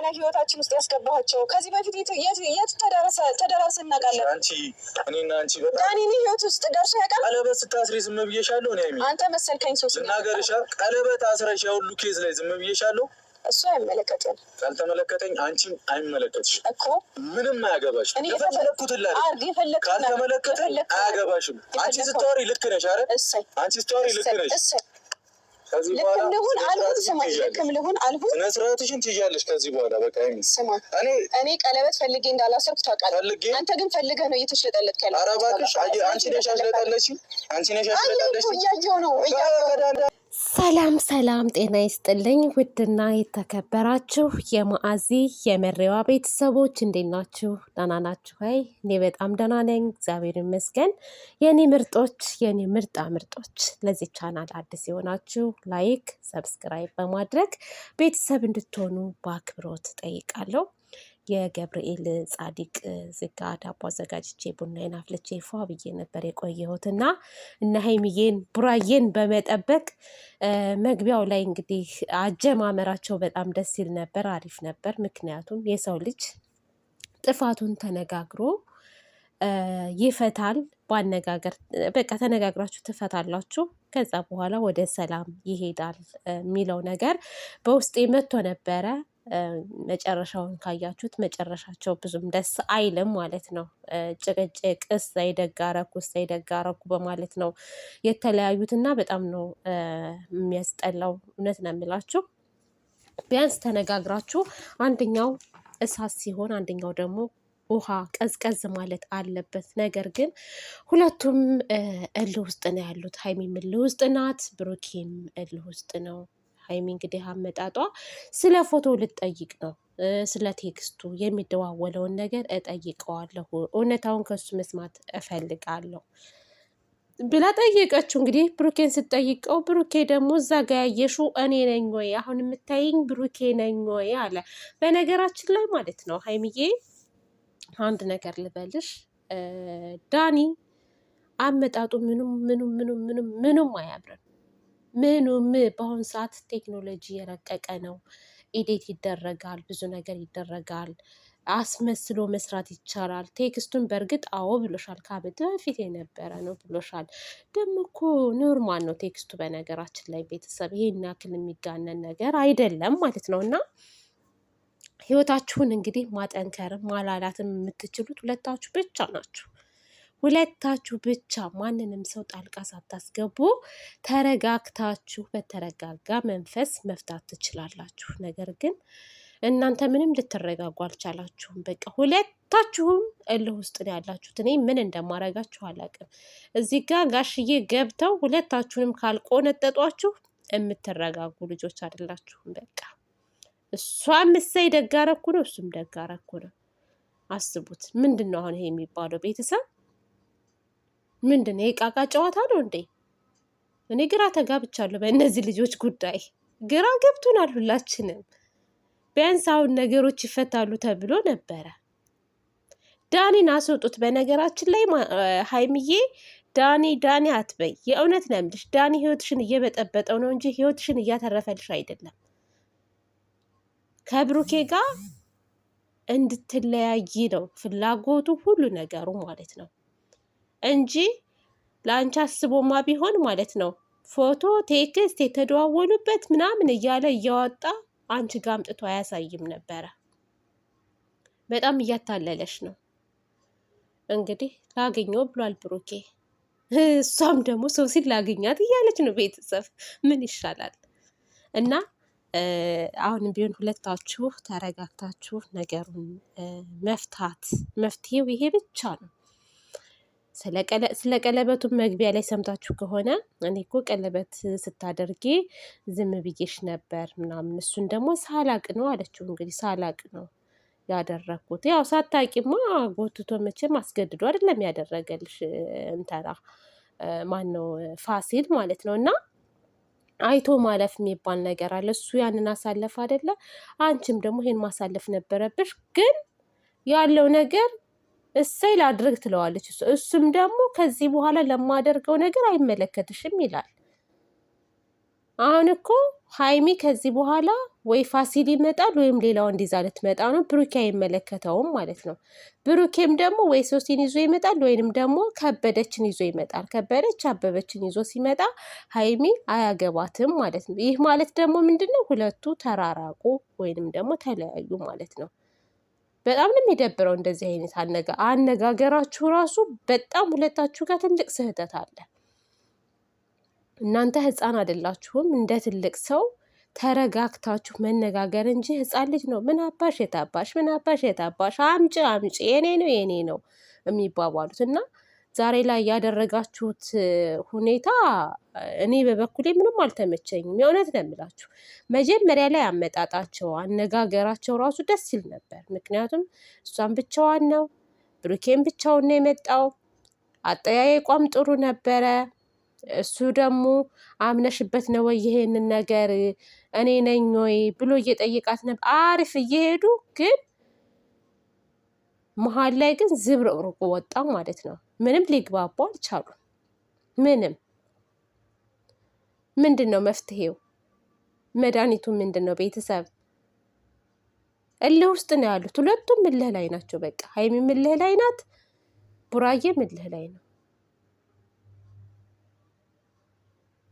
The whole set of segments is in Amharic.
ብለህ ህይወታችን ውስጥ ያስገባቸው። ከዚህ በፊት የት ተደራሰ እናውቃለን። ዳኒኒ ህይወት ውስጥ ደርሶ ያውቃል። ቀለበት ስታስሪ ዝም ብዬሻለሁ። አንተ መሰልከኝ ሶስት ስናገርሻ ቀለበት አስረሽ ሁሉ ኬዝ ላይ ዝም ብዬሻለሁ። እሱ አይመለከትም። ካልተመለከተኝ አንቺም አይመለከትሽ እኮ ምንም አያገባሽም። የፈለግኩትን ላድርግ። ካልተመለከተኝ አያገባሽም። አንቺ ስታወሪ ልክ ነሽ። አረ አንቺ ስታወሪ ልክ ነሽ ልክም ልሁን አልሁን ስማ፣ ልክም ልሁን አልሁን ስነ ስርዓትሽን ትይዣለሽ ከዚህ በኋላ በቃ። ስማ እኔ ቀለበት ፈልጌ እንዳላሰርኩ ታውቃለህ። አንተ ግን ፈልገህ ነው እየተሽለጠለጥክ ያለ። ኧረ እባክሽ አንቺ ነሽ አሽለጠለሽ፣ አንቺ ነሽ አሽለጠለሽ። እያየሁ ነው እያየሁ ሰላም ሰላም፣ ጤና ይስጥልኝ ውድና የተከበራችሁ የማዓዚ የመሬዋ ቤተሰቦች እንዴት ናችሁ? ደህና ናችሁ ወይ? እኔ በጣም ደህና ነኝ፣ እግዚአብሔር ይመስገን። የኔ ምርጦች፣ የኔ ምርጣ ምርጦች፣ ለዚህ ቻናል አዲስ የሆናችሁ ላይክ፣ ሰብስክራይብ በማድረግ ቤተሰብ እንድትሆኑ በአክብሮት ጠይቃለሁ። የገብርኤል ጻዲቅ ዝጋ ዳቦ አዘጋጅቼ ቡናዬን አፍልቼ ፏ ብዬ ነበር የቆየሁትና እና ሀይሚዬን ቡራዬን በመጠበቅ መግቢያው ላይ እንግዲህ አጀማመራቸው በጣም ደስ ሲል ነበር፣ አሪፍ ነበር። ምክንያቱም የሰው ልጅ ጥፋቱን ተነጋግሮ ይፈታል። በአነጋገር በቃ ተነጋግራችሁ ትፈታላችሁ፣ ከዛ በኋላ ወደ ሰላም ይሄዳል የሚለው ነገር በውስጤ መጥቶ ነበረ። መጨረሻውን ካያችሁት መጨረሻቸው ብዙም ደስ አይልም ማለት ነው። ጭቅጭቅ እሰይ ደግ አደረኩ እሰይ ደግ በማለት ነው የተለያዩት እና በጣም ነው የሚያስጠላው። እውነት ነው የምላችሁ ቢያንስ ተነጋግራችሁ አንደኛው እሳት ሲሆን አንደኛው ደግሞ ውሃ ቀዝቀዝ ማለት አለበት። ነገር ግን ሁለቱም እልህ ውስጥ ነው ያሉት። ሀይሚም እልህ ውስጥ ናት፣ ብሩኬም እልህ ውስጥ ነው። ሀይሚ እንግዲህ አመጣጧ ስለ ፎቶ ልጠይቅ ነው ስለ ቴክስቱ የሚደዋወለውን ነገር እጠይቀዋለሁ፣ እውነታውን ከሱ መስማት እፈልጋለሁ ብላ ጠየቀችው። እንግዲህ ብሩኬን ስትጠይቀው ብሩኬ ደግሞ እዛ ጋ ያየሽው እኔ ነኝ ወይ አሁን የምታይኝ ብሩኬ ነኝ ወይ አለ። በነገራችን ላይ ማለት ነው ሀይሚዬ፣ አንድ ነገር ልበልሽ፣ ዳኒ አመጣጡ ምኑም ምኑም ምኑም ምኑም ምኑም አያምርም። ምኑም በአሁኑ ሰዓት ቴክኖሎጂ የረቀቀ ነው። ኢዴት ይደረጋል፣ ብዙ ነገር ይደረጋል። አስመስሎ መስራት ይቻላል። ቴክስቱን በእርግጥ አዎ ብሎሻል፣ ከዓመት በፊት የነበረ ነው ብሎሻል። ደም እኮ ኖርማል ነው ቴክስቱ። በነገራችን ላይ ቤተሰብ ይሄን ያክል የሚጋነን ነገር አይደለም ማለት ነው እና ህይወታችሁን እንግዲህ ማጠንከርም ማላላትም የምትችሉት ሁለታችሁ ብቻ ናችሁ። ሁለታችሁ ብቻ ማንንም ሰው ጣልቃ ሳታስገቡ ተረጋግታችሁ በተረጋጋ መንፈስ መፍታት ትችላላችሁ። ነገር ግን እናንተ ምንም ልትረጋጉ አልቻላችሁም። በቃ ሁለታችሁም እልህ ውስጥ ነው ያላችሁት። እኔ ምን እንደማረጋችሁ አላውቅም። እዚህ ጋ ጋሽዬ ገብተው ሁለታችሁንም ካልቆነጠጧችሁ የምትረጋጉ ልጆች አይደላችሁም። በቃ እሷም እሰይ ደጋረኩ ነው፣ እሱም ደጋረኩ ነው። አስቡት። ምንድን ነው አሁን ይሄ የሚባለው ቤተሰብ ምንድን ነው የቃቃ ጨዋታ ነው እንዴ? እኔ ግራ ተጋብቻለሁ በእነዚህ ልጆች ጉዳይ ግራ ገብቶናል ሁላችንም። ቢያንስ አሁን ነገሮች ይፈታሉ ተብሎ ነበረ። ዳኒን አስወጡት። በነገራችን ላይ ሀይምዬ ዳኒ ዳኒ አትበይ። የእውነት ነው የምልሽ ዳኒ ህይወትሽን እየበጠበጠው ነው እንጂ ህይወትሽን እያተረፈልሽ አይደለም። ከብሩኬ ጋር እንድትለያይ ነው ፍላጎቱ፣ ሁሉ ነገሩ ማለት ነው። እንጂ ለአንቺ አስቦማ ቢሆን ማለት ነው ፎቶ ቴክስት የተደዋወሉበት ምናምን እያለ እያወጣ አንቺ ጋ አምጥቶ አያሳይም ነበረ። በጣም እያታለለች ነው እንግዲህ ላገኘው ብሏል ብሩኬ። እሷም ደግሞ ሰው ሲል ላገኛት እያለች ነው። ቤተሰብ ምን ይሻላል? እና አሁንም ቢሆን ሁለታችሁ ተረጋግታችሁ ነገሩን መፍታት መፍትሄው ይሄ ብቻ ነው። ስለ ቀለበቱ መግቢያ ላይ ሰምታችሁ ከሆነ እኔ እኮ ቀለበት ስታደርጌ ዝም ብዬሽ ነበር ምናምን፣ እሱን ደግሞ ሳላቅ ነው አለችው። እንግዲህ ሳላቅ ነው ያደረግኩት። ያው ሳታቂማ ጎትቶ መቼም አስገድዶ አይደለም ያደረገልሽ እንተራ ማን ነው ፋሲል ማለት ነው እና አይቶ ማለፍ የሚባል ነገር አለ። እሱ ያንን አሳለፍ አይደለ? አንቺም ደግሞ ይሄን ማሳለፍ ነበረብሽ። ግን ያለው ነገር እሰይ ላድርግ ትለዋለች። እሱም ደግሞ ከዚህ በኋላ ለማደርገው ነገር አይመለከትሽም ይላል። አሁን እኮ ሀይሚ ከዚህ በኋላ ወይ ፋሲል ይመጣል ወይም ሌላ ወንድ ይዛ ልትመጣ ነው። ብሩኬ አይመለከተውም ማለት ነው። ብሩኬም ደግሞ ወይ ሶሲን ይዞ ይመጣል ወይንም ደግሞ ከበደችን ይዞ ይመጣል። ከበደች አበበችን ይዞ ሲመጣ ሀይሚ አያገባትም ማለት ነው። ይህ ማለት ደግሞ ምንድን ነው? ሁለቱ ተራራቁ ወይንም ደግሞ ተለያዩ ማለት ነው። በጣም ነው የሚደብረው። እንደዚህ አይነት አነጋ አነጋገራችሁ ራሱ በጣም ሁለታችሁ ጋር ትልቅ ስህተት አለ። እናንተ ህፃን አይደላችሁም። እንደ ትልቅ ሰው ተረጋግታችሁ መነጋገር እንጂ ህፃን ልጅ ነው ምን አባሽ የታባሽ ምን አባሽ የታባሽ አምጪ አምጪ የኔ ነው የኔ ነው የሚባባሉት እና ዛሬ ላይ ያደረጋችሁት ሁኔታ እኔ በበኩሌ ምንም አልተመቸኝም። የእውነት ነው መጀመሪያ ላይ አመጣጣቸው፣ አነጋገራቸው ራሱ ደስ ይል ነበር። ምክንያቱም እሷን ብቻዋን ነው ብሩኬን ብቻውን ነው የመጣው። አጠያየቋም ጥሩ ነበረ። እሱ ደግሞ አምነሽበት ነው ወይ ይሄንን ነገር እኔ ነኝ ወይ ብሎ እየጠየቃት ነበር። አሪፍ እየሄዱ ግን መሀል ላይ ግን ዝብርቅርቁ ወጣ ማለት ነው። ምንም ሊግባቡ አልቻሉም። ምንም ምንድን ነው መፍትሄው? መድኃኒቱ ምንድን ነው? ቤተሰብ እልህ ውስጥ ነው ያሉት። ሁለቱም እልህ ላይ ናቸው። በቃ ሀይሚም እልህ ላይ ናት፣ ቡራዬም እልህ ላይ ነው።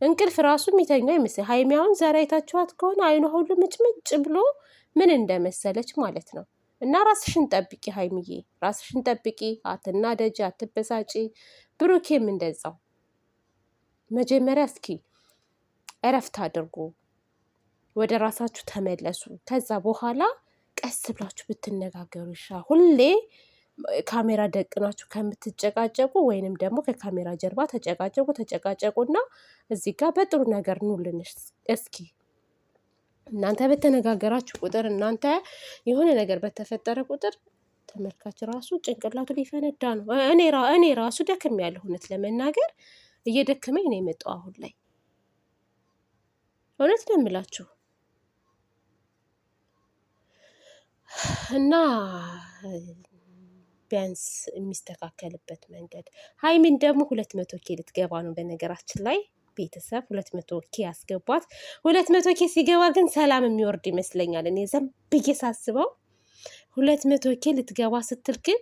እንቅልፍ ራሱ የሚተኛው ይመስል ሀይሚ አሁን ከሆነ አይኗ ሁሉ ምጭምጭ ብሎ ምን እንደመሰለች ማለት ነው። እና ራስሽን ጠብቂ ሀይምዬ፣ ራስሽን ጠብቂ። አትናደጂ፣ አትበሳጪ። ብሩኬም እንደዛው መጀመሪያ እስኪ እረፍት አድርጉ፣ ወደ ራሳችሁ ተመለሱ። ከዛ በኋላ ቀስ ብላችሁ ብትነጋገሩ ይሻ ሁሌ ካሜራ ደቅናችሁ ከምትጨቃጨቁ ወይንም ደግሞ ከካሜራ ጀርባ ተጨቃጨቁ ተጨቃጨቁና እዚህ ጋር በጥሩ ነገር ኑልን እስኪ። እናንተ በተነጋገራችሁ ቁጥር እናንተ የሆነ ነገር በተፈጠረ ቁጥር ተመልካች ራሱ ጭንቅላቱ ሊፈነዳ ነው። እኔ ራሱ ደክም ያለ እውነት ለመናገር እየደከመኝ ነው የመጣው አሁን ላይ እውነት ነው የምላችሁ እና ቢያንስ የሚስተካከልበት መንገድ ሀይሚን ደግሞ ሁለት መቶ ኬ ልትገባ ነው በነገራችን ላይ ቤተሰብ ሁለት መቶ ኬ ያስገቧት። ሁለት መቶ ኬ ሲገባ ግን ሰላም የሚወርድ ይመስለኛል። እኔ ዘም ብዬ ሳስበው ሁለት መቶ ኬ ልትገባ ስትል ግን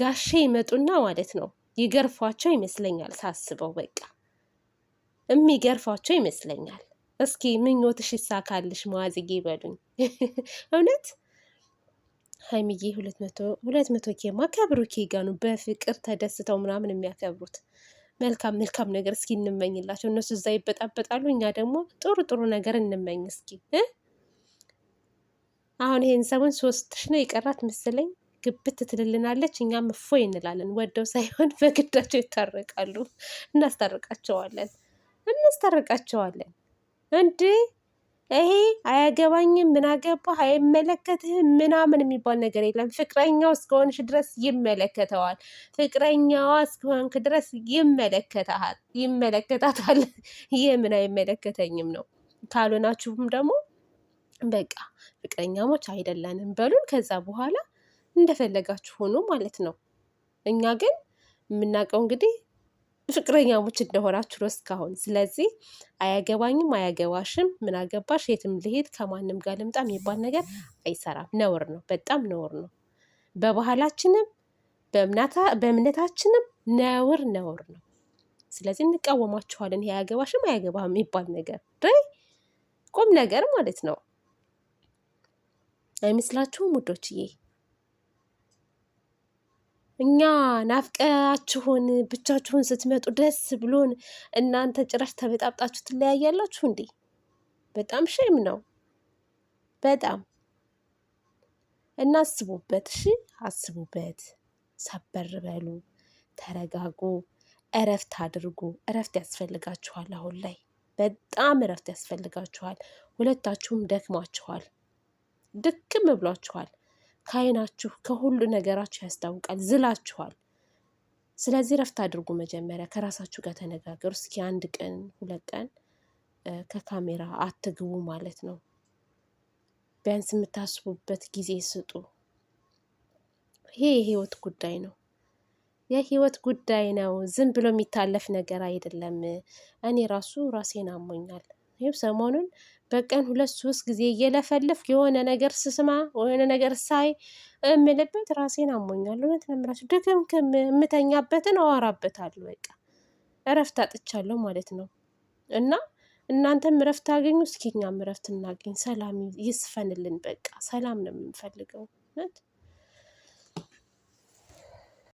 ጋሼ ይመጡና ማለት ነው ይገርፏቸው ይመስለኛል። ሳስበው በቃ የሚገርፏቸው ይመስለኛል። እስኪ ምኞትሽ ይሳካልሽ መዋዝጌ ይበሉኝ እውነት ሀይሚዬ ሁለት መቶ ኬማ ከብሩኬ ጋ በፍቅር ተደስተው ምናምን የሚያከብሩት። መልካም መልካም ነገር እስኪ እንመኝላቸው። እነሱ እዛ ይበጣበጣሉ፣ እኛ ደግሞ ጥሩ ጥሩ ነገር እንመኝ እስኪ። አሁን ይሄን ሰሞን ሶስትሽ ነው የቀራት መሰለኝ ግብት ትልልናለች። እኛም እፎይ እንላለን። ወደው ሳይሆን በግዳቸው ይታረቃሉ። እናስታርቃቸዋለን፣ እናስታርቃቸዋለን እንዴ ይሄ አያገባኝም፣ ምን አገባህ፣ አይመለከትህም ምናምን የሚባል ነገር የለም። ፍቅረኛው እስከሆንሽ ድረስ ይመለከተዋል። ፍቅረኛዋ እስከሆንክ ድረስ ይመለከታል፣ ይመለከታታል። ይህ ምን አይመለከተኝም ነው። ካልሆናችሁም ደግሞ በቃ ፍቅረኛሞች አይደለንም በሉን። ከዛ በኋላ እንደፈለጋችሁ ሆኖ ማለት ነው። እኛ ግን የምናውቀው እንግዲህ ፍቅረኛሞች እንደሆናችሁ ነው እስካሁን። ስለዚህ አያገባኝም፣ አያገባሽም፣ ምን አገባሽ፣ የትም ልሄድ ከማንም ጋር ልምጣ የሚባል ነገር አይሰራም። ነውር ነው፣ በጣም ነውር ነው። በባህላችንም በእምነታችንም ነውር ነውር ነው። ስለዚህ እንቃወማችኋለን። ይሄ አያገባሽም፣ አያገባህም የሚባል ነገር ቁም ነገር ማለት ነው። አይመስላችሁም ውዶችዬ? እኛ ናፍቃችሁን ብቻችሁን ስትመጡ ደስ ብሎን እናንተ ጭራሽ ተበጣብጣችሁ ትለያያላችሁ እንዴ? በጣም ሼም ነው። በጣም እናስቡበት። አስቡበት፣ እሺ አስቡበት። ሰበር በሉ፣ ተረጋጉ፣ እረፍት አድርጉ። እረፍት ያስፈልጋችኋል። አሁን ላይ በጣም እረፍት ያስፈልጋችኋል። ሁለታችሁም ደክማችኋል፣ ድክም ብሏችኋል። ከአይናችሁ ከሁሉ ነገራችሁ ያስታውቃል፣ ዝላችኋል። ስለዚህ ረፍት አድርጉ። መጀመሪያ ከራሳችሁ ጋር ተነጋገሩ። እስኪ አንድ ቀን ሁለት ቀን ከካሜራ አትግቡ ማለት ነው። ቢያንስ የምታስቡበት ጊዜ ስጡ። ይሄ የህይወት ጉዳይ ነው። የህይወት ጉዳይ ነው። ዝም ብሎ የሚታለፍ ነገር አይደለም። እኔ ራሱ ራሴን አሞኛል። ይኸው ሰሞኑን በቀን ሁለት ሶስት ጊዜ እየለፈለፍኩ የሆነ ነገር ስስማ የሆነ ነገር ሳይ እምልበት ራሴን አሞኛል። እውነት ነው የምላችሁ፣ ድክም ክም የምተኛበትን አዋራበታለሁ። በቃ እረፍት አጥቻለሁ ማለት ነው። እና እናንተም እረፍት አገኙ፣ እስኪ እኛም እረፍት እናገኝ፣ ሰላም ይስፈንልን። በቃ ሰላም ነው የምንፈልገው እውነት